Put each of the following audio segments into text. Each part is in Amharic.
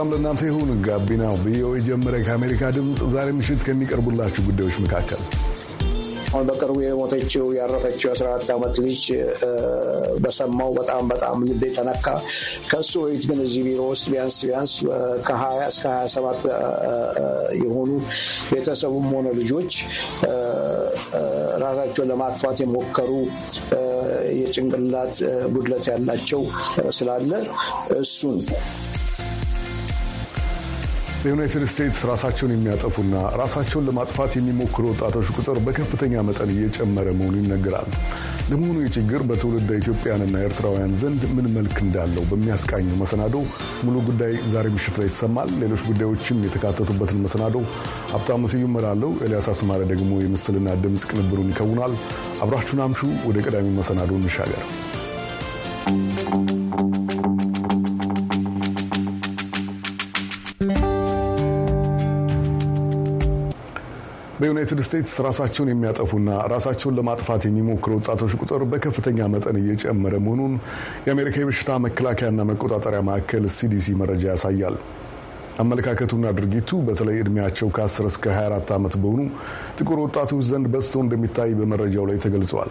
ሰላም ለእናንተ ይሁን። ጋቢና ቪኦኤ ጀመረ። ከአሜሪካ ድምፅ ዛሬ ምሽት ከሚቀርቡላችሁ ጉዳዮች መካከል አሁን በቅርቡ የሞተችው ያረፈችው የአስራ አራት ዓመት ልጅ በሰማው በጣም በጣም ልቤ ተነካ። ከሱ በፊት ግን እዚህ ቢሮ ውስጥ ቢያንስ ቢያንስ ከሀያ እስከ ሀያ ሰባት የሆኑ ቤተሰቡም ሆነ ልጆች ራሳቸውን ለማጥፋት የሞከሩ የጭንቅላት ጉድለት ያላቸው ስላለ እሱን በዩናይትድ ስቴትስ ራሳቸውን የሚያጠፉና ራሳቸውን ለማጥፋት የሚሞክሩ ወጣቶች ቁጥር በከፍተኛ መጠን እየጨመረ መሆኑ ይነገራል። ለመሆኑ የችግር በትውልደ ኢትዮጵያንና ኤርትራውያን ዘንድ ምን መልክ እንዳለው በሚያስቃኙ መሰናዶ ሙሉ ጉዳይ ዛሬ ምሽት ላይ ይሰማል። ሌሎች ጉዳዮችም የተካተቱበትን መሰናዶ ሀብታሙ ስዩም እመራለሁ። ኤልያስ አስማረ ደግሞ የምስልና ድምፅ ቅንብሩን ይከውናል። አብራችሁን አምሹ። ወደ ቀዳሚ መሰናዶ እንሻገር። በዩናይትድ ስቴትስ ራሳቸውን የሚያጠፉና ራሳቸውን ለማጥፋት የሚሞክሩ ወጣቶች ቁጥር በከፍተኛ መጠን እየጨመረ መሆኑን የአሜሪካ የበሽታ መከላከያና መቆጣጠሪያ ማዕከል ሲዲሲ መረጃ ያሳያል። አመለካከቱና ድርጊቱ በተለይ እድሜያቸው ከ10 እስከ 24 ዓመት በሆኑ ጥቁር ወጣቶች ዘንድ በዝተው እንደሚታይ በመረጃው ላይ ተገልጿል።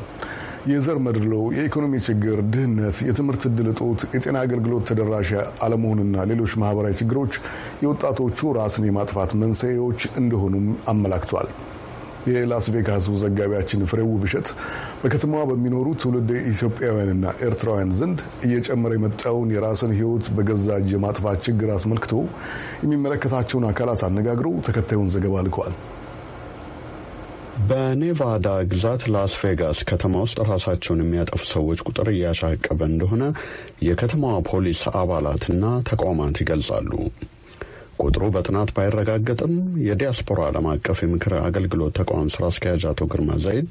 የዘር መድሎ፣ የኢኮኖሚ ችግር፣ ድህነት፣ የትምህርት እድል እጦት፣ የጤና አገልግሎት ተደራሽ አለመሆንና ሌሎች ማህበራዊ ችግሮች የወጣቶቹ ራስን የማጥፋት መንስኤዎች እንደሆኑም አመላክቷል። የላስ ቬጋሱ ዘጋቢያችን ፍሬው ብሸት በከተማዋ በሚኖሩ ትውልድ ኢትዮጵያውያንና ኤርትራውያን ዘንድ እየጨመረ የመጣውን የራስን ሕይወት በገዛ እጅ የማጥፋት ችግር አስመልክቶ የሚመለከታቸውን አካላት አነጋግሮ ተከታዩን ዘገባ ልከዋል። በኔቫዳ ግዛት ላስ ቬጋስ ከተማ ውስጥ ራሳቸውን የሚያጠፉ ሰዎች ቁጥር እያሻቀበ እንደሆነ የከተማዋ ፖሊስ አባላትና ተቋማት ይገልጻሉ። ቁጥሩ በጥናት ባይረጋገጥም የዲያስፖራ ዓለም አቀፍ የምክር አገልግሎት ተቋም ስራ አስኪያጅ አቶ ግርማ ዘይድ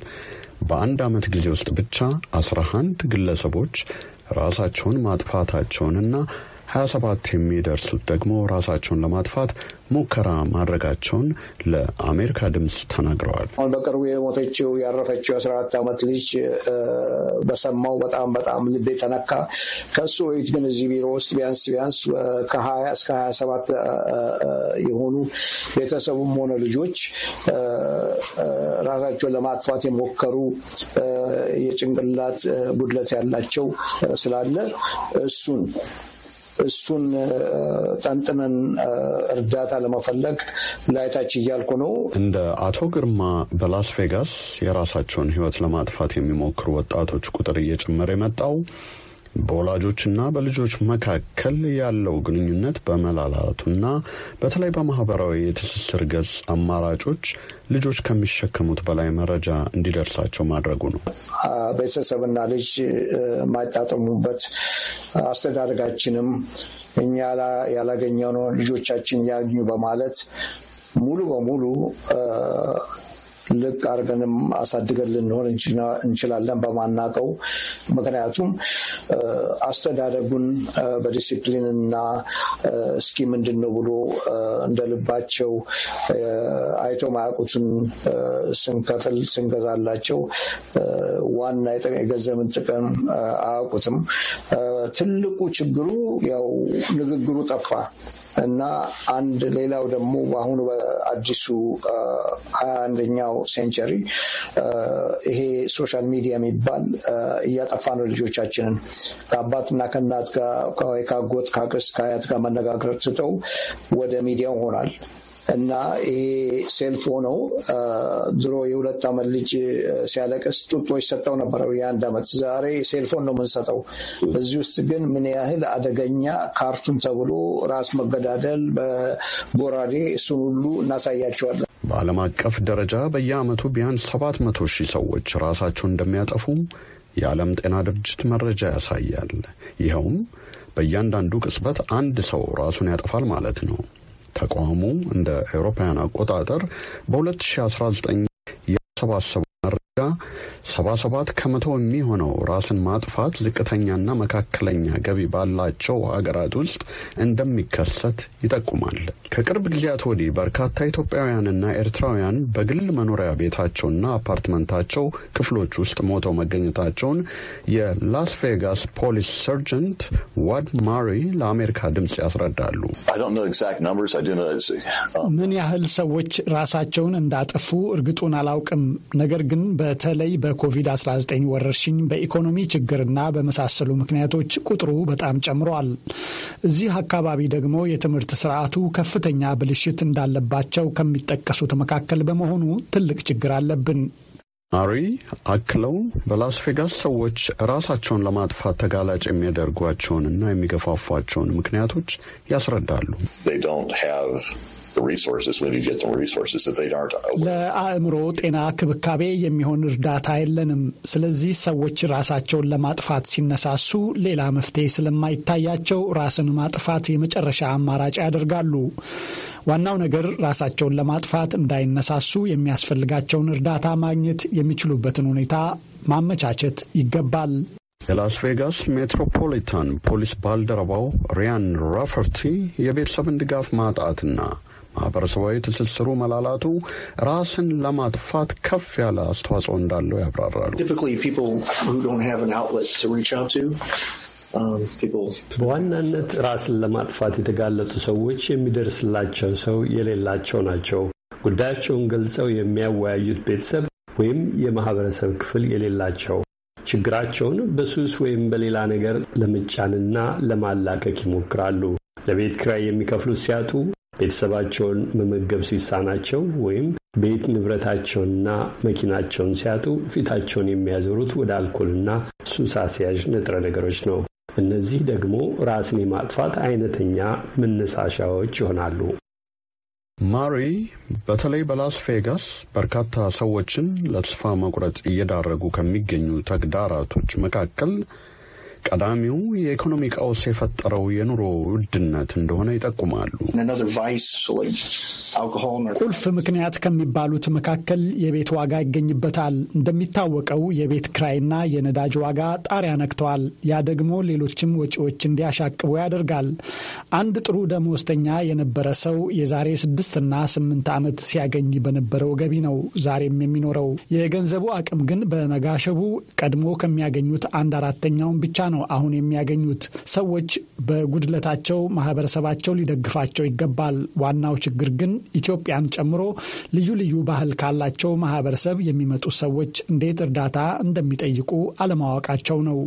በአንድ ዓመት ጊዜ ውስጥ ብቻ አስራ አንድ ግለሰቦች ራሳቸውን ማጥፋታቸውንና 27 የሚደርሱት ደግሞ ራሳቸውን ለማጥፋት ሙከራ ማድረጋቸውን ለአሜሪካ ድምፅ ተናግረዋል። አሁን በቅርቡ የሞተችው ያረፈችው የ14 ዓመት ልጅ በሰማው በጣም በጣም ልቤ ተነካ። ከሱ ወይት ግን እዚህ ቢሮ ውስጥ ቢያንስ ቢያንስ ከ እስከ እስከ 27 የሆኑ ቤተሰቡም ሆነ ልጆች ራሳቸውን ለማጥፋት የሞከሩ የጭንቅላት ጉድለት ያላቸው ስላለ እሱን እሱን ጠንጥነን እርዳታ ለመፈለግ ላይታች እያልኩ ነው። እንደ አቶ ግርማ በላስ ቬጋስ የራሳቸውን ሕይወት ለማጥፋት የሚሞክሩ ወጣቶች ቁጥር እየጨመረ የመጣው በወላጆችና በልጆች መካከል ያለው ግንኙነት በመላላቱና በተለይ በማህበራዊ የትስስር ገጽ አማራጮች ልጆች ከሚሸከሙት በላይ መረጃ እንዲደርሳቸው ማድረጉ ነው። ቤተሰብና ልጅ የማይጣጠሙበት አስተዳደጋችንም እኛ ያላገኘነው ልጆቻችን ያግኙ በማለት ሙሉ በሙሉ ልቅ አርገንም አሳድገን ልንሆን እንችላለን በማናቀው። ምክንያቱም አስተዳደጉን በዲሲፕሊን እና እስኪ ምንድን ነው ብሎ እንደልባቸው አይቶ ማያውቁትን ስንከፍል ስንገዛላቸው ዋና የገንዘብን ጥቅም አያውቁትም። ትልቁ ችግሩ ያው ንግግሩ ጠፋ እና አንድ ሌላው ደግሞ በአሁኑ በአዲሱ ሀያ አንደኛው ሴንቸሪ ይሄ ሶሻል ሚዲያ የሚባል እያጠፋ ነው ልጆቻችንን። ከአባትና ከእናት ከአጎት ከአክስት ከአያት ጋር መነጋገር ትተው ወደ ሚዲያው ሆናል። እና ይሄ ሴልፎ ነው ድሮ የሁለት ዓመት ልጅ ሲያለቅስ ጡጦ ይሰጠው ነበረ፣ የአንድ ዓመት ዛሬ ሴልፎን ነው የምንሰጠው። በዚህ ውስጥ ግን ምን ያህል አደገኛ ካርቱን ተብሎ ራስ መገዳደል በጎራዴ እሱን ሁሉ እናሳያቸዋለን። በዓለም አቀፍ ደረጃ በየዓመቱ ቢያንስ 700 ሺህ ሰዎች ራሳቸውን እንደሚያጠፉ የዓለም ጤና ድርጅት መረጃ ያሳያል። ይኸውም በእያንዳንዱ ቅጽበት አንድ ሰው ራሱን ያጠፋል ማለት ነው። ተቋሙ እንደ አውሮፓውያን አቆጣጠር በ2019 የሰባሰቡ 77 ከመቶ የሚሆነው ራስን ማጥፋት ዝቅተኛና መካከለኛ ገቢ ባላቸው ሀገራት ውስጥ እንደሚከሰት ይጠቁማል። ከቅርብ ጊዜያት ወዲህ በርካታ ኢትዮጵያውያንና ኤርትራውያን በግል መኖሪያ ቤታቸውና አፓርትመንታቸው ክፍሎች ውስጥ ሞተው መገኘታቸውን የላስ ቬጋስ ፖሊስ ሰርጀንት ዋድ ማሪ ለአሜሪካ ድምፅ ያስረዳሉ። uh, ምን ያህል ሰዎች ራሳቸውን እንዳጠፉ እርግጡን አላውቅም፣ ነገር ግን በ በተለይ በኮቪድ-19 ወረርሽኝ በኢኮኖሚ ችግርና በመሳሰሉ ምክንያቶች ቁጥሩ በጣም ጨምሯል። እዚህ አካባቢ ደግሞ የትምህርት ስርዓቱ ከፍተኛ ብልሽት እንዳለባቸው ከሚጠቀሱት መካከል በመሆኑ ትልቅ ችግር አለብን። አሪ አክለው በላስ ቬጋስ ሰዎች ራሳቸውን ለማጥፋት ተጋላጭ የሚያደርጓቸውንና የሚገፋፏቸውን ምክንያቶች ያስረዳሉ። ለአእምሮ ጤና ክብካቤ የሚሆን እርዳታ የለንም። ስለዚህ ሰዎች ራሳቸውን ለማጥፋት ሲነሳሱ ሌላ መፍትሄ ስለማይታያቸው ራስን ማጥፋት የመጨረሻ አማራጭ ያደርጋሉ። ዋናው ነገር ራሳቸውን ለማጥፋት እንዳይነሳሱ የሚያስፈልጋቸውን እርዳታ ማግኘት የሚችሉበትን ሁኔታ ማመቻቸት ይገባል። የላስ ቬጋስ ሜትሮፖሊታን ፖሊስ ባልደረባው ሪያን ራፈርቲ የቤተሰብን ድጋፍ ማጣትና ማህበረሰባዊ ትስስሩ መላላቱ ራስን ለማጥፋት ከፍ ያለ አስተዋጽኦ እንዳለው ያብራራሉ። um, በዋናነት ራስን ለማጥፋት የተጋለጡ ሰዎች የሚደርስላቸው ሰው የሌላቸው ናቸው። ጉዳያቸውን ገልጸው የሚያወያዩት ቤተሰብ ወይም የማህበረሰብ ክፍል የሌላቸው ችግራቸውን በሱስ ወይም በሌላ ነገር ለመጫንና ለማላቀቅ ይሞክራሉ። ለቤት ክራይ የሚከፍሉት ሲያጡ ቤተሰባቸውን መመገብ ሲሳናቸው ወይም ቤት ንብረታቸውንና መኪናቸውን ሲያጡ ፊታቸውን የሚያዞሩት ወደ አልኮልና ሱስ አስያዥ ንጥረ ነገሮች ነው። እነዚህ ደግሞ ራስን የማጥፋት አይነተኛ መነሳሻዎች ይሆናሉ። ማሪ በተለይ በላስ ቬጋስ በርካታ ሰዎችን ለተስፋ መቁረጥ እየዳረጉ ከሚገኙ ተግዳራቶች መካከል ቀዳሚው የኢኮኖሚ ቀውስ የፈጠረው የኑሮ ውድነት እንደሆነ ይጠቁማሉ። ቁልፍ ምክንያት ከሚባሉት መካከል የቤት ዋጋ ይገኝበታል። እንደሚታወቀው የቤት ክራይና የነዳጅ ዋጋ ጣሪያ ነክተዋል። ያ ደግሞ ሌሎችም ወጪዎች እንዲያሻቅቡ ያደርጋል። አንድ ጥሩ ደመወዝተኛ የነበረ ሰው የዛሬ ስድስትና ስምንት ዓመት ሲያገኝ በነበረው ገቢ ነው ዛሬም የሚኖረው። የገንዘቡ አቅም ግን በመጋሸቡ ቀድሞ ከሚያገኙት አንድ አራተኛውን ብቻ ነው አሁን የሚያገኙት። ሰዎች በጉድለታቸው ማህበረሰባቸው ሊደግፋቸው ይገባል። ዋናው ችግር ግን ኢትዮጵያን ጨምሮ ልዩ ልዩ ባህል ካላቸው ማህበረሰብ የሚመጡ ሰዎች እንዴት እርዳታ እንደሚጠይቁ አለማወቃቸው ነው።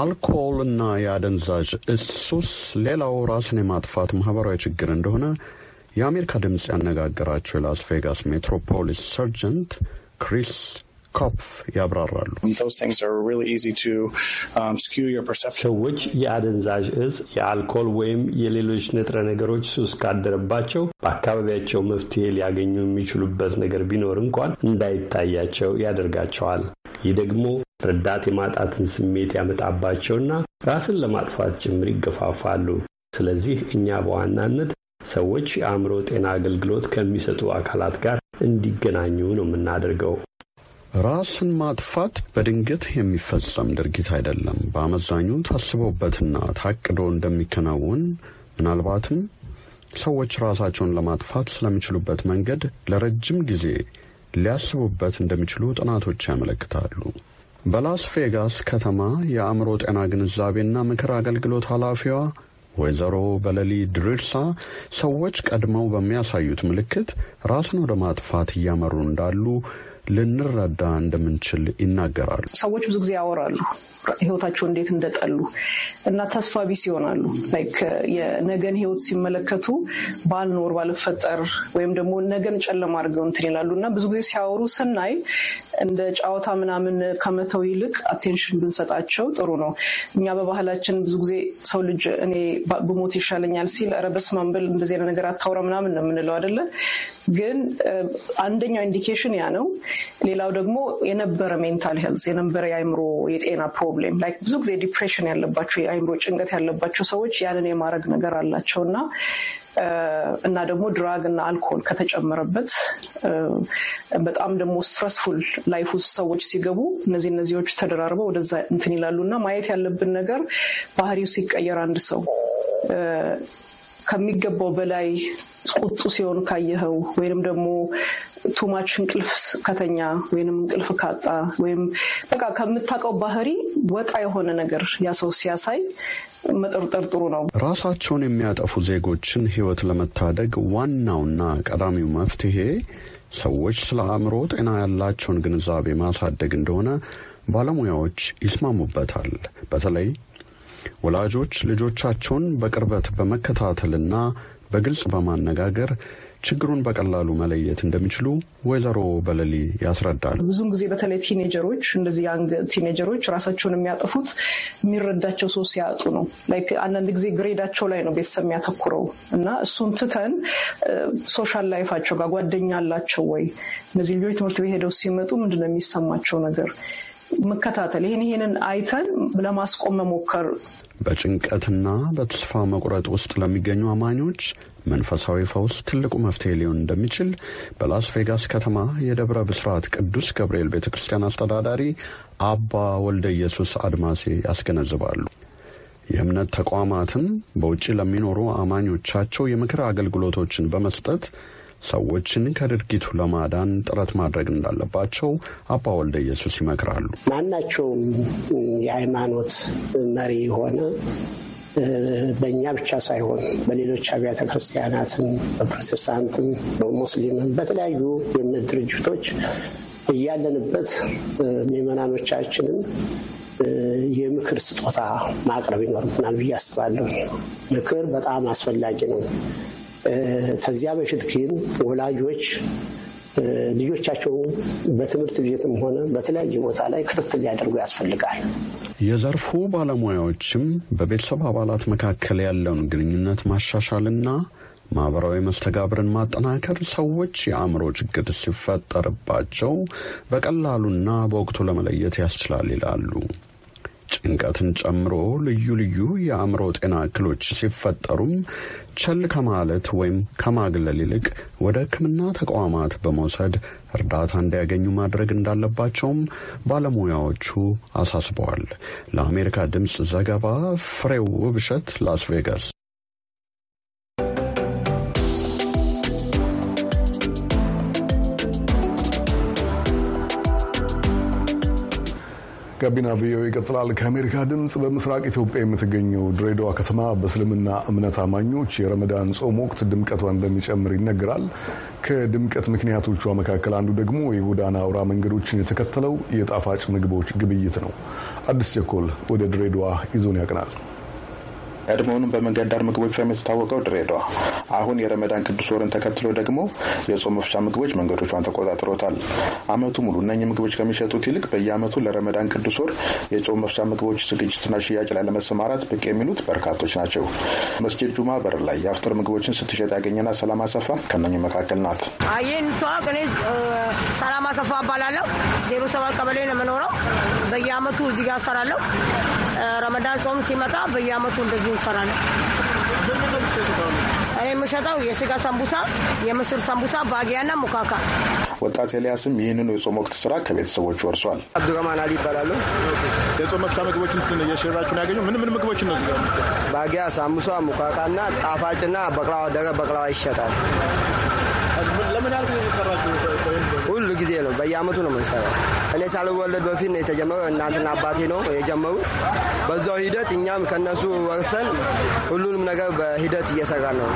አልኮልና የአደንዛዥ እሱስ ሌላው ራስን የማጥፋት ማህበራዊ ችግር እንደሆነ የአሜሪካ ድምፅ ያነጋገራቸው የላስ ቬጋስ ሜትሮፖሊስ ሰርጀንት ክሪስ ኮፕፍ ያብራራሉ። um, ሰዎች የአደንዛዥ እጽ፣ የአልኮል ወይም የሌሎች ንጥረ ነገሮች ሱስ ካደረባቸው በአካባቢያቸው መፍትሄ ሊያገኙ የሚችሉበት ነገር ቢኖር እንኳን እንዳይታያቸው ያደርጋቸዋል። ይህ ደግሞ ረዳት የማጣትን ስሜት ያመጣባቸውና ራስን ለማጥፋት ጭምር ይገፋፋሉ። ስለዚህ እኛ በዋናነት ሰዎች የአእምሮ ጤና አገልግሎት ከሚሰጡ አካላት ጋር እንዲገናኙ ነው የምናደርገው። ራስን ማጥፋት በድንገት የሚፈጸም ድርጊት አይደለም። በአመዛኙ ታስቦበትና ታቅዶ እንደሚከናወን ምናልባትም ሰዎች ራሳቸውን ለማጥፋት ስለሚችሉበት መንገድ ለረጅም ጊዜ ሊያስቡበት እንደሚችሉ ጥናቶች ያመለክታሉ። በላስ ቬጋስ ከተማ የአእምሮ ጤና ግንዛቤና ምክር አገልግሎት ኃላፊዋ ወይዘሮ በለሊ ድርሳ ሰዎች ቀድመው በሚያሳዩት ምልክት ራስን ወደ ማጥፋት እያመሩ እንዳሉ ልንረዳ እንደምንችል ይናገራሉ። ሰዎች ብዙ ጊዜ ያወራሉ ህይወታቸው እንዴት እንደጠሉ እና ተስፋ ቢስ ይሆናሉ። ላይክ የነገን ህይወት ሲመለከቱ ባልኖር ባልፈጠር ወይም ደግሞ ነገን ጨለማ አድርገው እንትን ይላሉ እና ብዙ ጊዜ ሲያወሩ ስናይ እንደ ጨዋታ ምናምን ከመተው ይልቅ አቴንሽን ብንሰጣቸው ጥሩ ነው። እኛ በባህላችን ብዙ ጊዜ ሰው ልጅ እኔ ብሞት ይሻለኛል ሲል ኧረ በስመ አብ በል እንደዚህ ነገር አታውራ ምናምን ነው የምንለው አይደለ? ግን አንደኛው ኢንዲኬሽን ያ ነው። ሌላው ደግሞ የነበረ ሜንታል ሄልዝ የነበረ የአእምሮ የጤና ፕሮብሌም ላይክ ብዙ ጊዜ ዲፕሬሽን ያለባቸው የአይምሮ ጭንቀት ያለባቸው ሰዎች ያንን የማድረግ ነገር አላቸው እና እና ደግሞ ድራግ እና አልኮል ከተጨመረበት በጣም ደግሞ ስትረስፉል ላይፍ ውስጥ ሰዎች ሲገቡ እነዚህ እነዚዎች ተደራርበው ወደዛ እንትን ይላሉ እና ማየት ያለብን ነገር ባህሪው ሲቀየር አንድ ሰው ከሚገባው በላይ ቁጡ ሲሆን ካየኸው ወይንም ደግሞ ቱማች እንቅልፍ ከተኛ ወይንም እንቅልፍ ካጣ ወይም በቃ ከምታውቀው ባህሪ ወጣ የሆነ ነገር ያ ሰው ሲያሳይ መጠርጠር ጥሩ ነው። ራሳቸውን የሚያጠፉ ዜጎችን ሕይወት ለመታደግ ዋናውና ቀዳሚው መፍትሄ ሰዎች ስለ አእምሮ ጤና ያላቸውን ግንዛቤ ማሳደግ እንደሆነ ባለሙያዎች ይስማሙበታል። በተለይ ወላጆች ልጆቻቸውን በቅርበት በመከታተልና በግልጽ በማነጋገር ችግሩን በቀላሉ መለየት እንደሚችሉ ወይዘሮ በለሊ ያስረዳል። ብዙን ጊዜ በተለይ ቲኔጀሮች እንደዚህ ያንግ ቲኔጀሮች ራሳቸውን የሚያጠፉት የሚረዳቸው ሰው ሲያጡ ነው። ላይክ አንዳንድ ጊዜ ግሬዳቸው ላይ ነው ቤተሰብ የሚያተኩረው እና እሱን ትተን ሶሻል ላይፋቸው ጋር ጓደኛ አላቸው ወይ? እነዚህ ልጆች ትምህርት ቤት ሄደው ሲመጡ ምንድነው የሚሰማቸው ነገር መከታተል ይህን ይህንን አይተን ለማስቆም መሞከር። በጭንቀትና በተስፋ መቁረጥ ውስጥ ለሚገኙ አማኞች መንፈሳዊ ፈውስ ትልቁ መፍትሄ ሊሆን እንደሚችል በላስ ቬጋስ ከተማ የደብረ ብስራት ቅዱስ ገብርኤል ቤተ ክርስቲያን አስተዳዳሪ አባ ወልደ ኢየሱስ አድማሴ ያስገነዝባሉ። የእምነት ተቋማትም በውጭ ለሚኖሩ አማኞቻቸው የምክር አገልግሎቶችን በመስጠት ሰዎችን ከድርጊቱ ለማዳን ጥረት ማድረግ እንዳለባቸው አባ ወልደ ኢየሱስ ይመክራሉ። ማናቸውም የሃይማኖት መሪ የሆነ በእኛ ብቻ ሳይሆን በሌሎች አብያተ ክርስቲያናትም፣ በፕሮቴስታንትም፣ በሙስሊምም በተለያዩ የእምነት ድርጅቶች እያለንበት ምዕመናኖቻችንን የምክር ስጦታ ማቅረብ ይኖርብናል ብዬ አስባለሁ። ምክር በጣም አስፈላጊ ነው። ከዚያ በፊት ግን ወላጆች ልጆቻቸው በትምህርት ቤትም ሆነ በተለያየ ቦታ ላይ ክትትል ሊያደርጉ ያስፈልጋል። የዘርፉ ባለሙያዎችም በቤተሰብ አባላት መካከል ያለውን ግንኙነት ማሻሻልና ማህበራዊ መስተጋብርን ማጠናከር ሰዎች የአእምሮ ችግር ሲፈጠርባቸው በቀላሉና በወቅቱ ለመለየት ያስችላል ይላሉ። ጭንቀትን ጨምሮ ልዩ ልዩ የአእምሮ ጤና እክሎች ሲፈጠሩም ቸል ከማለት ወይም ከማግለል ይልቅ ወደ ሕክምና ተቋማት በመውሰድ እርዳታ እንዲያገኙ ማድረግ እንዳለባቸውም ባለሙያዎቹ አሳስበዋል። ለአሜሪካ ድምፅ ዘገባ ፍሬው ውብሸት ላስ ቬጋስ። ጋቢና ቪኦኤ ይቀጥላል። ከአሜሪካ ድምፅ በምስራቅ ኢትዮጵያ የምትገኘው ድሬዳዋ ከተማ በእስልምና እምነት አማኞች የረመዳን ጾም ወቅት ድምቀቷን እንደሚጨምር ይነገራል። ከድምቀት ምክንያቶቿ መካከል አንዱ ደግሞ የጎዳና አውራ መንገዶችን የተከተለው የጣፋጭ ምግቦች ግብይት ነው። አዲስ ቸኮል ወደ ድሬዳዋ ይዞን ያቅናል። ቀድሞውንም በመንገድ ዳር ምግቦች የተታወቀው ድሬዳዋ አሁን የረመዳን ቅዱስ ወርን ተከትሎ ደግሞ የጾም መፍቻ ምግቦች መንገዶቿን ተቆጣጥሮታል። አመቱ ሙሉ እነኚህ ምግቦች ከሚሸጡት ይልቅ በየአመቱ ለረመዳን ቅዱስ ወር የጾም መፍቻ ምግቦች ዝግጅትና ሽያጭ ላይ ለመሰማራት ብቅ የሚሉት በርካቶች ናቸው። መስጅድ ጁማ በር ላይ የአፍጥር ምግቦችን ስትሸጥ ያገኘና ሰላም አሰፋ ከእነኚህ መካከል ናት። ይህን ተዋቅ እኔ ሰላም አሰፋ እባላለሁ። ዜሮ ሰባት ቀበሌ ነው የምኖረው። በየአመቱ እዚህ ጋር እሰራለሁ። ረመዳን ጾም ሲመጣ በየአመቱ እንደዚህ እንሰራለን። እኔ የምሸጠው የስጋ ሰንቡሳ፣ የምስር ሰንቡሳ፣ ባጊያና ሙካካ። ወጣት ኤልያስም ይህንኑ የጾም ወቅት ስራ ከቤተሰቦች ወርሷል። አብዱረማን አሊ ይባላሉ። የጾም መፍታ ምግቦችን እየሸራችሁ ነው ያገኘው? ምን ምን ምግቦችን ነው? ባጊያ፣ ሳምቡሳ፣ ጣፋጭ ና በቅላዋ ደረ በቅላዋ ይሸጣል። ሁሉ ጊዜ ነው፣ በየአመቱ ነው የምንሰራው እኔ ሳልወለድ በፊት ነው የተጀመረ። እናትና አባቴ ነው የጀመሩት። በዛው ሂደት እኛም ከነሱ ወርሰን ሁሉንም ነገር በሂደት እየሰራ ነው።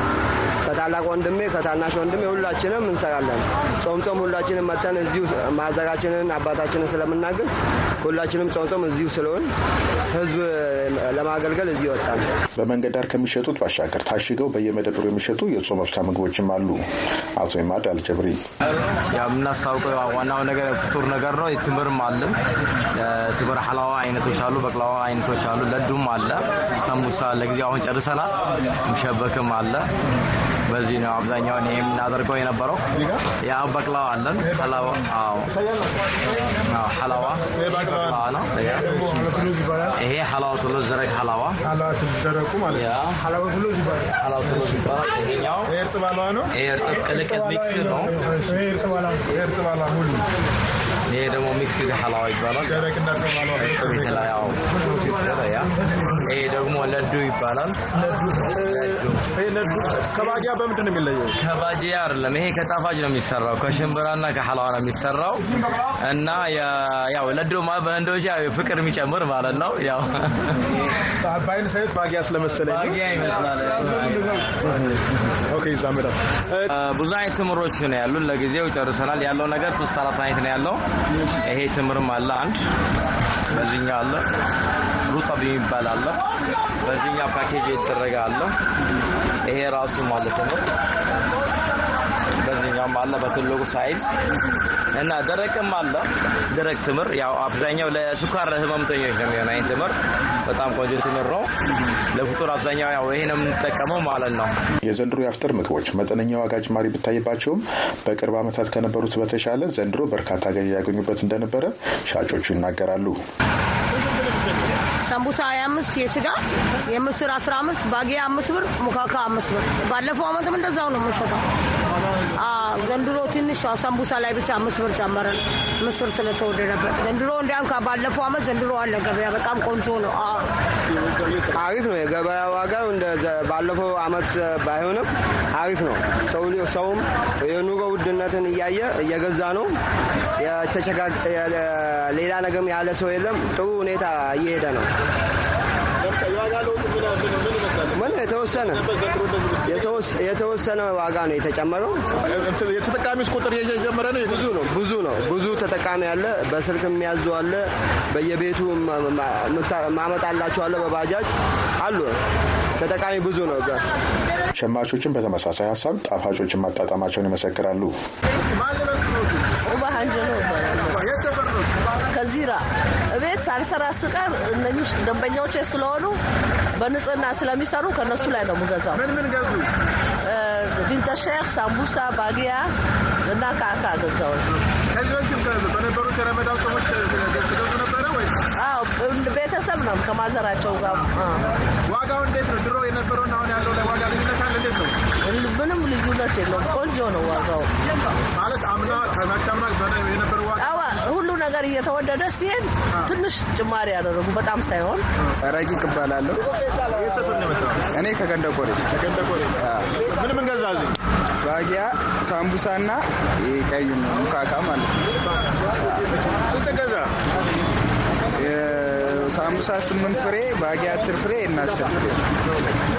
ከታላቅ ወንድሜ ከታናሽ ወንድሜ ሁላችንም እንሰራለን። ጾም ጾም ሁላችንም መጥተን እዚሁ ማዘራችንን አባታችንን ስለምናገዝ ሁላችንም ጾም ጾም እዚሁ ስለሆን ህዝብ ለማገልገል እዚ ይወጣል። በመንገድ ዳር ከሚሸጡት ባሻገር ታሽገው በየመደብሩ የሚሸጡ የጾም መፍቻ ምግቦችም አሉ። አቶ ይማድ አልጀብሪ የምናስታውቀው ዋናው ነገር ፍቱር ነገር ነው። ትምርም አለ፣ ትምር ሐላዋ አይነቶች አሉ፣ በቅላዋ አይነቶች አሉ፣ ለዱም አለ፣ ሰሙሳ ለጊዜው አሁን ጨርሰናል። ምሸበክም አለ። በዚህ ነው አብዛኛውን ይሄ የምናደርገው የነበረው። ያ በቅላዋ አለን፣ ሐላዋ አዎ፣ ነው። ይሄ ሐላዋ ቶሎ ዘረግ ሐላዋ ይሄኛው እርጥብ ቅልቅል ሚክስ ነው። ይሄ ደግሞ ሚክስድ ሀላዋ ይባላል። ይሄ ደግሞ ለዱ ይባላል። ከባጂያ በምንድን ነው የሚለየው? ከባጂያ አይደለም። ይሄ ከጣፋጭ ነው የሚሰራው ከሽምብራና ከሀላዋ ነው የሚሰራው እና ያው ለዱ በእንዶች ፍቅር የሚጨምር ማለት ነው። ያው ባይን ሳይሆን ባጊያ ስለመሰለኝ ባጊያ ይመስላል። ከዛ መዳፍ ብዙ አይነት ትምህሮች ነው ያሉን። ለጊዜው ጨርሰናል። ያለው ነገር ሶስት አራት አይነት ነው ያለው። ይሄ ትምህርም አለ አንድ በዚህኛ አለ ሩጣ የሚባል አለ። በዚህኛ ፓኬጅ የተደረገ አለ። ይሄ ራሱ ማለት ነው ጓደኛውም አለ በክልሉ ሳይዝ እና ደረቅም አለ። ደረቅ ትምር ያው አብዛኛው ለሱካር ህመምተኞች ነው የሚሆነው። ይህ ትምር በጣም ቆንጆ ትምር ነው። ለፍጡር አብዛኛው ያው ይህ ነው የምንጠቀመው ማለት ነው። የዘንድሮ የአፍጥር ምግቦች መጠነኛ ዋጋ ጭማሪ ብታይባቸውም በቅርብ ዓመታት ከነበሩት በተሻለ ዘንድሮ በርካታ ገዢ ያገኙበት እንደነበረ ሻጮቹ ይናገራሉ። ሰንቡሳ 25 የስጋ የምስር 15 ባጌ 5 ብር ሙካካ 5 ብር። ባለፈው ዓመትም እንደዛው ነው የምንሸጠው። ዘንድሮ ትንሽ አሳምቡሳ ላይ ብቻ አምስት ብር ጨመረን። ምስር ስለተወደደበት ዘንድሮ እንዲያም ባለፈው አመት ዘንድሮ አለ ገበያ በጣም ቆንጆ ነው። አሪፍ ነው የገበያ ዋጋ እንደ ባለፈው አመት ባይሆንም አሪፍ ነው። ሰውም የኑሮ ውድነትን እያየ እየገዛ ነው። ሌላ ነገርም ያለ ሰው የለም። ጥሩ ሁኔታ እየሄደ ነው። የተወሰነ የተወሰነ ዋጋ ነው የተጨመረው። የተጠቃሚስ ቁጥር እየጨመረ ነው። ብዙ ነው ብዙ ነው ብዙ ተጠቃሚ አለ። በስልክ የሚያዙ አለ። በየቤቱ ማመጣላቸው አለ። በባጃጅ አሉ። ተጠቃሚ ብዙ ነው። ሸማቾችን በተመሳሳይ ሀሳብ ጣፋጮችን ማጣጣማቸውን ይመሰክራሉ። እቤት ሳልሰራ ስቀር እነኚህ ደንበኛዎች ስለሆኑ በንጽህና ስለሚሰሩ ከነሱ ላይ ነው የምገዛው። ቢንተሸክ፣ ሳምቡሳ፣ ባጊያ እና ካካ ገዛው። ቤተሰብ ነው ከማዘራቸው ጋር እንዴት ነው? ድሮ የነበረውና አሁን ያለው ላይ ልዩነት አለ? እንዴት ነው? ምንም ልዩነት የለውም። ቆንጆ ነው ዋጋው ማለት አምና ከዛች አምና የነበረው ዋጋ ሁሉ ነገር እየተወደደ ሲሄድ ትንሽ ጭማሪ ያደረጉ በጣም ሳይሆን። ረቂቅ እባላለሁ። እኔ ከገንደ ቆሬ ከገንደ ቆሬ ምን ምን ገዛ ቀዩ ሙካካ ማለት ነው። ሳምቡሳ ስምንት ፍሬ፣ ባጊ አስር ፍሬ እና አስር ፍሬ።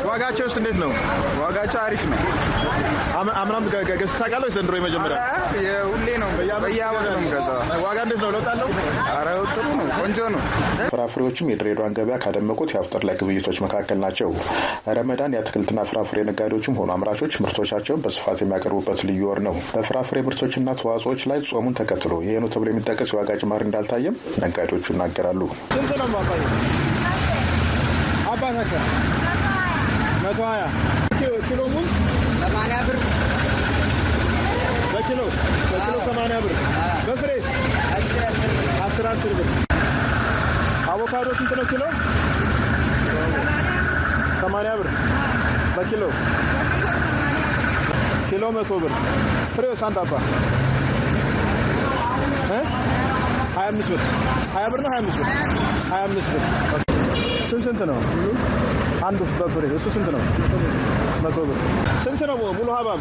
ዋጋቸውስ እንዴት ነው? ዋጋቸው አሪፍ ነው። አምናም ገዝተህ ታውቃለህ ዘንድሮ የመጀመሪያ? ሁሌ ነው በየዓመቱ ነው የምገዛው። ዋጋ እንዴት ነው? ለውጥ አለው? ጥሩ ነው፣ ቆንጆ ነው። ፍራፍሬዎችም የድሬዳዋን ገበያ ካደመቁት የአፍጠር ላይ ግብይቶች መካከል ናቸው። ረመዳን የአትክልትና ፍራፍሬ ነጋዴዎችም ሆኑ አምራቾች ምርቶቻቸውን በስፋት የሚያቀርቡበት ልዩ ወር ነው። በፍራፍሬ ምርቶችና ተዋጽኦዎች ላይ ጾሙን ተከትሎ ይሄ ተብሎ የሚጠቀስ የዋጋ ጭማሪ እንዳልታየም ነጋዴዎቹ ይናገራሉ። አባታቸው መቶ ሀያ ኪሎ ሙዝ ሰማንያ ብር በኪሎ በኪሎ ሰማንያ ብር በፍሬስ አስር አስር ብር አቮካዶ ስንት ነው ኪሎ ሰማንያ ብር በኪሎ ኪሎ መቶ ብር ፍሬው ሳንድ አባ ሀያ አምስት ብር ሀያ ብር ነው ሀያ አምስት ብር ሀያ አምስት ብር ስንት ስንት ነው አንዱ በፍሬ እሱ ስንት ነው መቶ ብር ስንት ነው ሙሉ ሀባብ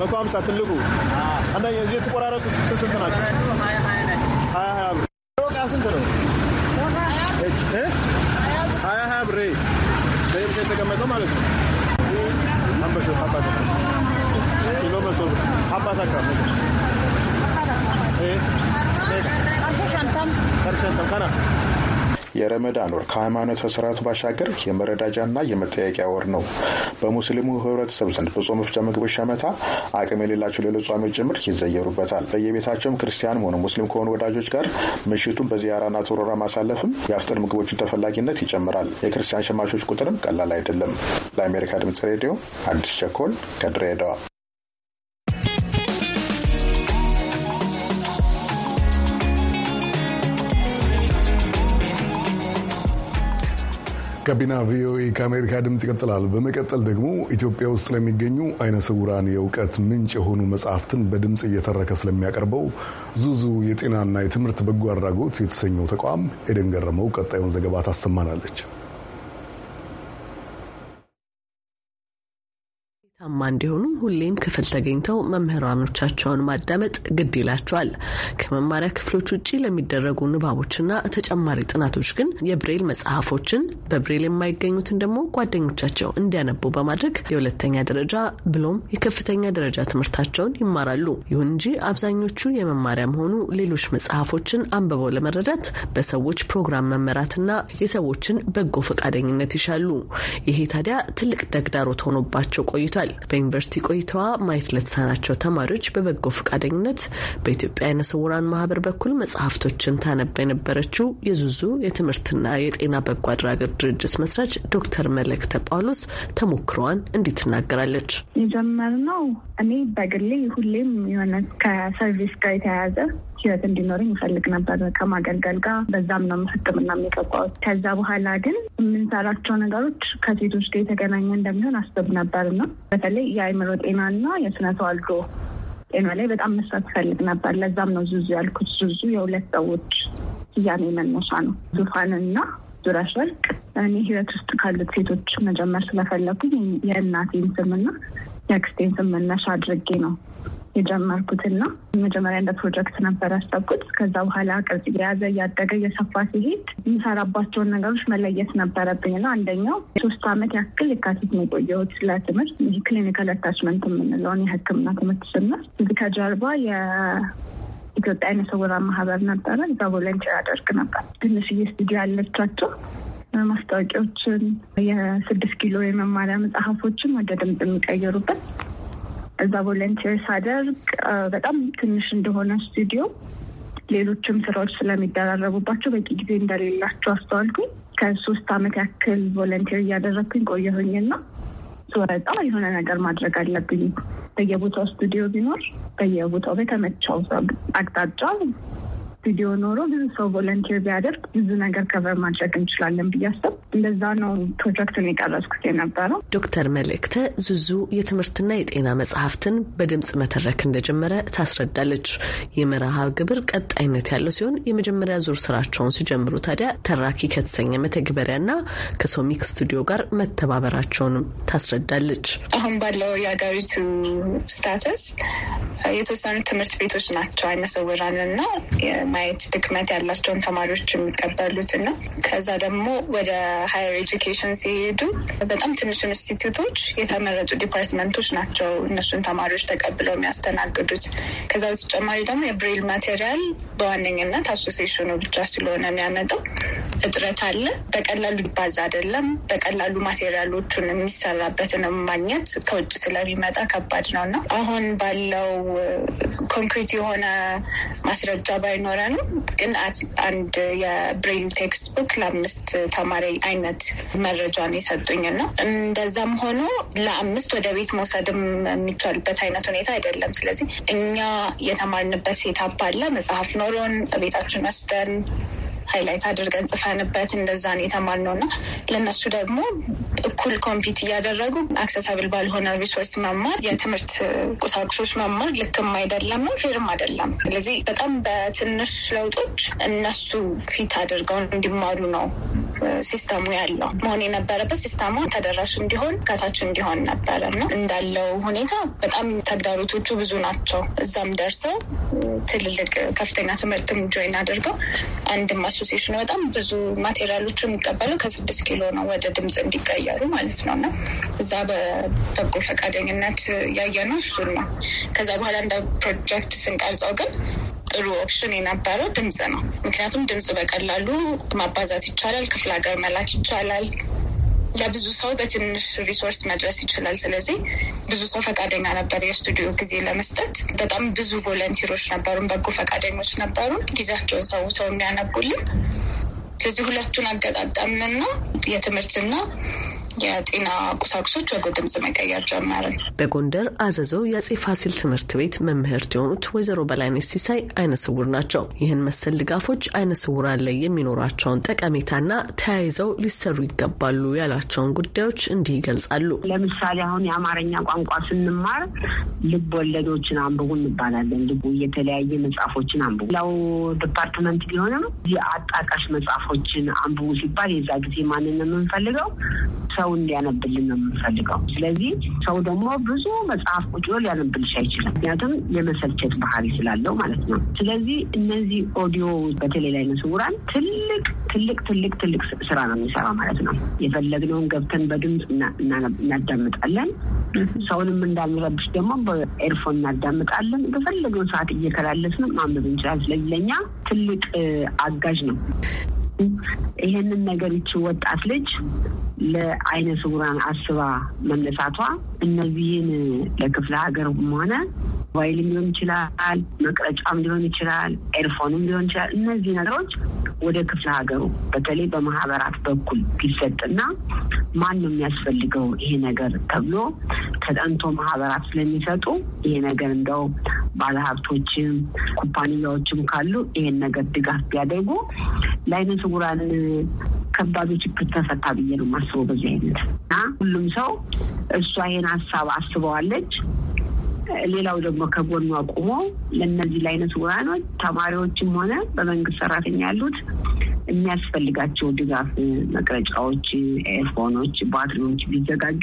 መቶ ሀምሳ ትልቁ አንዳኛ እዚህ የተቆራረጡት ስንት ስንት ናቸው ሀያ ሀያ ብር ወቃ ስንት ነው ሀያ ሀያ ብር በየብቻ የተቀመጠው ማለት ነው አንበሾ አባታ ኪሎ መቶ ብር አባታ ካ የረመዳን ወር ከሃይማኖት ስርዓት ባሻገር የመረዳጃና የመጠያቂያ ወር ነው። በሙስሊሙ ህብረተሰብ ዘንድ በጾም መፍጫ ምግቦች ሸመታ አቅም የሌላቸው ሌሎች ጿሚዎች ጭምር ይዘየሩበታል። በየቤታቸውም ክርስቲያንም ሆነ ሙስሊም ከሆኑ ወዳጆች ጋር ምሽቱን በዚያራና ቶሮራ ማሳለፍም የአፍጥር ምግቦችን ተፈላጊነት ይጨምራል። የክርስቲያን ሸማቾች ቁጥርም ቀላል አይደለም። ለአሜሪካ ድምጽ ሬዲዮ አዲስ ቸኮል ከድሬዳዋ ጋቢና ቪኦኤ ከአሜሪካ ድምፅ ይቀጥላል። በመቀጠል ደግሞ ኢትዮጵያ ውስጥ ለሚገኙ አይነ ስውራን የእውቀት ምንጭ የሆኑ መጽሐፍትን በድምፅ እየተረከ ስለሚያቀርበው ዙዙ የጤናና የትምህርት በጎ አድራጎት የተሰኘው ተቋም ኤደን ገረመው ቀጣዩን ዘገባ ታሰማናለች። ውጤታማ እንዲሆኑ ሁሌም ክፍል ተገኝተው መምህራኖቻቸውን ማዳመጥ ግድ ይላቸዋል። ከመማሪያ ክፍሎች ውጭ ለሚደረጉ ንባቦችና ተጨማሪ ጥናቶች ግን የብሬል መጽሐፎችን በብሬል የማይገኙትን ደግሞ ጓደኞቻቸው እንዲያነቡ በማድረግ የሁለተኛ ደረጃ ብሎም የከፍተኛ ደረጃ ትምህርታቸውን ይማራሉ። ይሁን እንጂ አብዛኞቹ የመማሪያም ሆኑ ሌሎች መጽሐፎችን አንብበው ለመረዳት በሰዎች ፕሮግራም መመራትና የሰዎችን በጎ ፈቃደኝነት ይሻሉ። ይሄ ታዲያ ትልቅ ደግዳሮት ሆኖባቸው ቆይቷል። በዩኒቨርሲቲ ቆይታዋ ማየት ለተሳናቸው ተማሪዎች በበጎ ፈቃደኝነት በኢትዮጵያ አይነ ስውራን ማህበር በኩል መጽሐፍቶችን ታነባ የነበረችው የዙዙ የትምህርትና የጤና በጎ አድራጎት ድርጅት መስራች ዶክተር መለክተ ጳውሎስ ተሞክሮዋን እንዲህ ትናገራለች። የጀመርነው እኔ በግሌ ሁሌም የሆነ ከሰርቪስ ጋር የተያያዘ ህይወት እንዲኖረኝ ይፈልግ ነበር ከማገልገል ጋር። በዛም ነው ህክምና የሚገባው። ከዛ በኋላ ግን የምንሰራቸው ነገሮች ከሴቶች ጋር የተገናኘ እንደሚሆን አስብ ነበርና በተለይ ጤና ጤናና የስነ ተዋልዶ ጤና ላይ በጣም መስራት ይፈልግ ነበር። ለዛም ነው ዙዙ ያልኩት። ዙዙ የሁለት ሰዎች ስያሜ መነሻ ነው። ዙፋንና ዙራሽ ወርቅ እኔ ህይወት ውስጥ ካሉት ሴቶች መጀመር ስለፈለኩኝ የእናቴን ስምና የክስቴን ስም መነሻ አድርጌ ነው የጀመርኩትና መጀመሪያ እንደ ፕሮጀክት ነበር ያሰብኩት። ከዛ በኋላ ቅርጽ እየያዘ እያደገ እየሰፋ ሲሄድ የምሰራባቸውን ነገሮች መለየት ነው። አንደኛው ሶስት ዓመት ያክል የካቲት ነው የቆየሁት ለትምህርት ይህ ክሊኒካል አታችመንት የምንለውን የህክምና ትምህርት ስምር እዚህ ከጀርባ የኢትዮጵያ ዓይነ ስውራን ማህበር ነበረ። እዛ ቮለንቲር ያደርግ ነበር። ትንሽዬ ስቱዲዮ ያለቻቸው ማስታወቂያዎችን፣ የስድስት ኪሎ የመማሪያ መጽሐፎችን ወደ ድምፅ የሚቀይሩበት እዛ ቮለንቲር ሳደርግ በጣም ትንሽ እንደሆነ ስቱዲዮ ሌሎችም ስራዎች ስለሚደራረቡባቸው በቂ ጊዜ እንደሌላቸው አስተዋልኩኝ። ከሶስት አመት ያክል ቮለንቲር እያደረግኩኝ ቆየሁኝና ስወጣ የሆነ ነገር ማድረግ አለብኝ። በየቦታው ስቱዲዮ ቢኖር በየቦታው በተመቸው አቅጣጫ ቪዲዮ ኖሮ ብዙ ሰው ቮለንቲር ቢያደርግ ብዙ ነገር ከበር ማድረግ እንችላለን ብዬ እንደዛ ነው ፕሮጀክትን የቀረስኩት የነበረው። ዶክተር መልእክተ ዙዙ የትምህርትና የጤና መጽሐፍትን በድምፅ መተረክ እንደጀመረ ታስረዳለች። የመርሃ ግብር ቀጣይነት ያለው ሲሆን የመጀመሪያ ዙር ስራቸውን ሲጀምሩ ታዲያ ተራኪ ከተሰኘ መተግበሪያና ከሶሚክ ስቱዲዮ ጋር መተባበራቸውንም ታስረዳለች። አሁን ባለው የአገሪቱ ስታተስ የተወሰኑ ትምህርት ቤቶች ናቸው አይነ ስውራንና ማየት ድክመት ያላቸውን ተማሪዎች የሚቀበሉት እና ከዛ ደግሞ ወደ ሀየር ኤጁኬሽን ሲሄዱ በጣም ትንሽ ኢንስቲትዩቶች የተመረጡ ዲፓርትመንቶች ናቸው እነሱን ተማሪዎች ተቀብለው የሚያስተናግዱት። ከዛ በተጨማሪ ደግሞ የብሬል ማቴሪያል በዋነኝነት አሶሴሽኑ ብቻ ስለሆነ የሚያመጣው እጥረት አለ። በቀላሉ ይባዝ አይደለም። በቀላሉ ማቴሪያሎቹን የሚሰራበትን ማግኘት ከውጭ ስለሚመጣ ከባድ ነው እና አሁን ባለው ኮንክሪት የሆነ ማስረጃ ባይኖረ ነው። ግን አንድ የብሬል ቴክስት ቡክ ለአምስት ተማሪ አይነት መረጃ ነው የሰጡኝ ነው። እንደዛም ሆኖ ለአምስት ወደ ቤት መውሰድም የሚቻልበት አይነት ሁኔታ አይደለም። ስለዚህ እኛ የተማርንበት ሴታፕ አለ መጽሐፍ ኖሮን ቤታችን ወስደን ሀይላይት አድርገን ጽፈንበት እንደዛን የተማርነው እና ለእነሱ ደግሞ እኩል ኮምፒት እያደረጉ አክሰሳብል ባልሆነ ሪሶርስ መማር፣ የትምህርት ቁሳቁሶች መማር ልክም አይደለም ፌርም አይደለም። ስለዚህ በጣም በትንሽ ለውጦች እነሱ ፊት አድርገው እንዲማሩ ነው ሲስተሙ ያለው መሆን የነበረበት ሲስተሙ ተደራሽ እንዲሆን ከታች እንዲሆን ነበረ እና እንዳለው ሁኔታ በጣም ተግዳሮቶቹ ብዙ ናቸው። እዛም ደርሰው ትልልቅ ከፍተኛ ትምህርትም ጆይን አድርገው አንድ አሶሲሽን በጣም ብዙ ማቴሪያሎች የሚቀበለው ከስድስት ኪሎ ነው ወደ ድምፅ እንዲቀየሩ ማለት ነው እና እዛ በበጎ ፈቃደኝነት ያየነው እሱን ነው። ከዛ በኋላ እንደ ፕሮጀክት ስንቀርጸው ግን ጥሩ ኦፕሽን የነበረው ድምፅ ነው። ምክንያቱም ድምፅ በቀላሉ ማባዛት ይቻላል፣ ክፍለ ሀገር መላክ ይቻላል። ለብዙ ሰው በትንሽ ሪሶርስ መድረስ ይችላል። ስለዚህ ብዙ ሰው ፈቃደኛ ነበር የስቱዲዮ ጊዜ ለመስጠት። በጣም ብዙ ቮለንቲሮች ነበሩን፣ በጎ ፈቃደኞች ነበሩን ጊዜያቸውን ሰውተው የሚያነቡልን። ስለዚህ ሁለቱን አገጣጣምንና የትምህርትና የጤና ቁሳቁሶች ወደ ድምጽ መቀየር ጀመርን። በጎንደር አዘዘው የአጼ ፋሲል ትምህርት ቤት መምህርት የሆኑት ወይዘሮ በላይነ ሲሳይ አይነ ስውር ናቸው። ይህን መሰል ድጋፎች አይነ ስውራን ላይ የሚኖራቸውን ጠቀሜታና ተያይዘው ሊሰሩ ይገባሉ ያላቸውን ጉዳዮች እንዲህ ይገልጻሉ። ለምሳሌ አሁን የአማርኛ ቋንቋ ስንማር ልብ ወለዶችን አንብቡ እንባላለን። ልቡ የተለያየ መጽሐፎችን አንብቡ ላው ዲፓርትመንት ቢሆንም አጣቃሽ መጽሐፎችን አንብቡ ሲባል የዛ ጊዜ ማንን የምንፈልገው ሰው ሰው እንዲያነብልን ነው የምንፈልገው። ስለዚህ ሰው ደግሞ ብዙ መጽሐፍ ቁጭ ብሎ ሊያነብልሽ አይችልም። ምክንያቱም የመሰልቸት ባህሪ ስላለው ማለት ነው። ስለዚህ እነዚህ ኦዲዮ በተለይ ላይ ስውራን ትልቅ ትልቅ ትልቅ ትልቅ ስራ ነው የሚሰራ ማለት ነው። የፈለግነውን ገብተን በድምፅ እናዳምጣለን። ሰውንም እንዳንረብሽ ደግሞ በኤርፎን እናዳምጣለን። በፈለግነው ሰዓት እየከላለስን ማንበብ እንችላለን። ስለዚህ ለእኛ ትልቅ አጋዥ ነው። ይህንን ነገር ይቺ ወጣት ልጅ ለአይነ ስውራን አስባ መነሳቷ እነዚህን ለክፍለ ሀገርም ሆነ ሞባይልም ሊሆን ይችላል፣ መቅረጫም ሊሆን ይችላል፣ ኤርፎንም ሊሆን ይችላል። እነዚህ ነገሮች ወደ ክፍለ ሀገሩ በተለይ በማህበራት በኩል ቢሰጥና ማን ነው የሚያስፈልገው ይሄ ነገር ተብሎ ተጠንቶ ማህበራት ስለሚሰጡ ይሄ ነገር እንደው ባለሀብቶችም ኩባንያዎችም ካሉ ይሄን ነገር ድጋፍ ቢያደርጉ ለዓይነ ስውራን ከባዱ ችግር ተፈታ ብዬ ነው የማስበው። በዚህ አይነት እና ሁሉም ሰው እሷ ይሄን ሀሳብ አስበዋለች ሌላው ደግሞ ከጎኑ አቁሞ ለእነዚህ ለአይነት ውራኖች ተማሪዎችም ሆነ በመንግስት ሰራተኛ ያሉት የሚያስፈልጋቸው ድጋፍ መቅረጫዎች፣ ኤርፎኖች፣ ባትሪዎች ቢዘጋጁ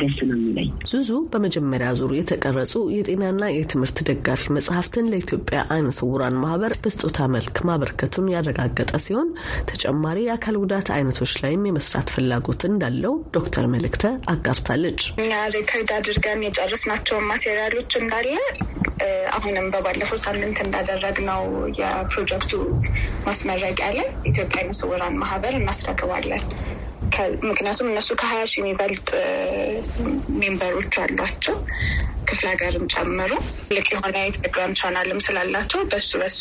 ደስ ነው የሚለኝ። ዙዙ በመጀመሪያ ዙሩ የተቀረጹ የጤናና የትምህርት ደጋፊ መጽሐፍትን ለኢትዮጵያ አይነ ስውራን ማህበር በስጦታ መልክ ማበርከቱን ያረጋገጠ ሲሆን ተጨማሪ የአካል ጉዳት አይነቶች ላይም የመስራት ፍላጎት እንዳለው ዶክተር መልእክተ አጋርታለች። እኛ ሬከርድ አድርገን የጨረስናቸውን ማቴሪያል ያሉት እንዳለ አሁንም በባለፈው ሳምንት እንዳደረግነው የፕሮጀክቱ ማስመረቂያ ላይ ኢትዮጵያ ስውራን ማህበር እናስረክባለን። ምክንያቱም እነሱ ከሀያ ሺህ የሚበልጥ ሜምበሮች አሏቸው ክፍለ ሀገርም ጨምሮ ልቅ የሆነ የቴሌግራም ቻናልም ስላላቸው በሱ በሱ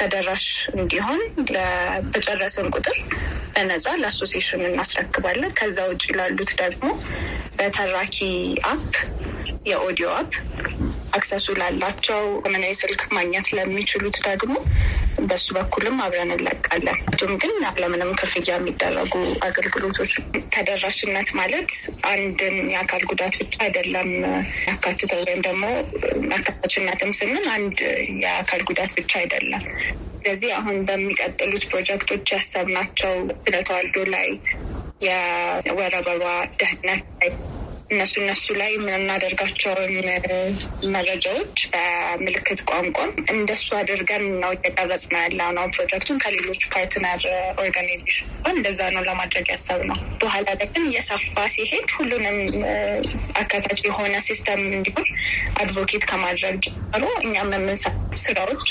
ተደራሽ እንዲሆን በጨረስን ቁጥር በነፃ ለአሶሴሽን እናስረክባለን። ከዛ ውጭ ላሉት ደግሞ በተራኪ አፕ የኦዲዮ አፕ አክሰሱ ላላቸው ዘመናዊ ስልክ ማግኘት ለሚችሉት ደግሞ በሱ በኩልም አብረን እንለቃለን። እንዲሁም ግን ያለምንም ክፍያ የሚደረጉ አገልግሎቶች ተደራሽነት ማለት አንድን የአካል ጉዳት ብቻ አይደለም ያካትተው ወይም ደግሞ አካታችነትም ስንል አንድ የአካል ጉዳት ብቻ አይደለም። ስለዚህ አሁን በሚቀጥሉት ፕሮጀክቶች ያሰብናቸው ስለተዋልዶ ላይ የወር አበባ ደህንነት እነሱ እነሱ ላይ የምናደርጋቸውን መረጃዎች በምልክት ቋንቋም እንደሱ አድርገን ነው እየቀረጽ ነው ያለው ነው ፕሮጀክቱን ከሌሎች ፓርትነር ኦርጋናይዜሽን እንደዛ ነው ለማድረግ ያሰብ ነው። በኋላ ላይ ግን እየሰፋ ሲሄድ ሁሉንም አካታች የሆነ ሲስተም እንዲሆን አድቮኬት ከማድረግ ጀምሮ እኛም የምንሰራው ስራዎች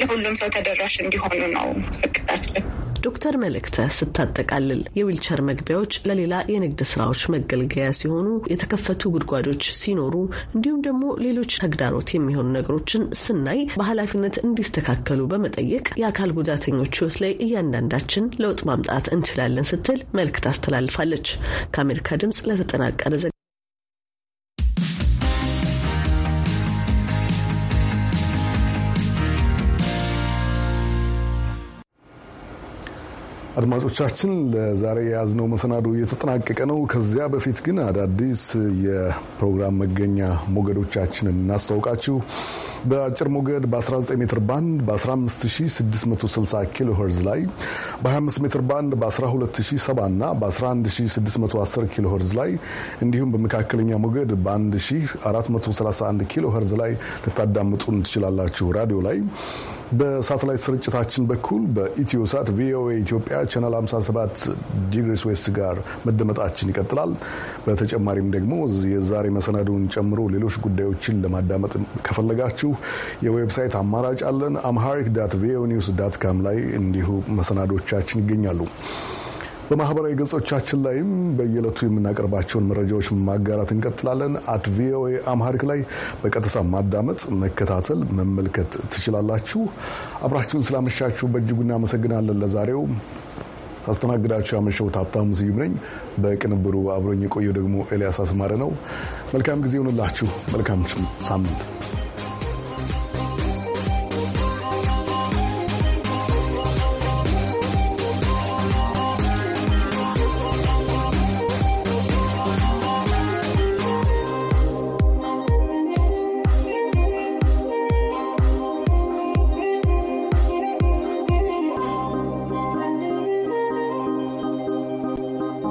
ለሁሉም ሰው ተደራሽ እንዲሆኑ ነው እቅዳችን። ዶክተር መልእክተ ስታጠቃልል የዊልቸር መግቢያዎች ለሌላ የንግድ ስራዎች መገልገያ ሲሆኑ የተከፈቱ ጉድጓዶች ሲኖሩ እንዲሁም ደግሞ ሌሎች ተግዳሮት የሚሆኑ ነገሮችን ስናይ በኃላፊነት እንዲስተካከሉ በመጠየቅ የአካል ጉዳተኞች ህይወት ላይ እያንዳንዳችን ለውጥ ማምጣት እንችላለን ስትል መልእክት አስተላልፋለች። ከአሜሪካ ድምጽ ለተጠናቀረ አድማጮቻችን ለዛሬ የያዝነው መሰናዶ እየተጠናቀቀ ነው። ከዚያ በፊት ግን አዳዲስ የፕሮግራም መገኛ ሞገዶቻችንን እናስታውቃችሁ። በአጭር ሞገድ በ19 ሜትር ባንድ በ15660 ኪሎ ሄርዝ ላይ በ25 ሜትር ባንድ በ12070 እና በ11610 ኪሎ ሄርዝ ላይ እንዲሁም በመካከለኛ ሞገድ በ1431 ኪሎ ሄርዝ ላይ ልታዳምጡን ትችላላችሁ ራዲዮ ላይ በሳተላይት ስርጭታችን በኩል በኢትዮ ሳት ቪኦኤ ኢትዮጵያ ቻናል 57 ዲግሪስ ዌስት ጋር መደመጣችን ይቀጥላል። በተጨማሪም ደግሞ የዛሬ መሰናዶውን ጨምሮ ሌሎች ጉዳዮችን ለማዳመጥ ከፈለጋችሁ የዌብሳይት አማራጭ አለን። አምሃሪክ ዳት ቪኦኤ ኒውስ ዳት ካም ላይ እንዲሁ መሰናዶቻችን ይገኛሉ። በማህበራዊ ገጾቻችን ላይም በየዕለቱ የምናቀርባቸውን መረጃዎች ማጋራት እንቀጥላለን። አት ቪኦኤ አምሃሪክ ላይ በቀጥታ ማዳመጥ፣ መከታተል፣ መመልከት ትችላላችሁ። አብራችሁን ስላመሻችሁ በእጅጉ እናመሰግናለን። ለዛሬው ሳስተናግዳችሁ ያመሸሁት ሀብታሙ ስዩም ነኝ። በቅንብሩ አብሮኝ የቆየው ደግሞ ኤልያስ አስማረ ነው። መልካም ጊዜ ይሆንላችሁ። መልካም ሳምንት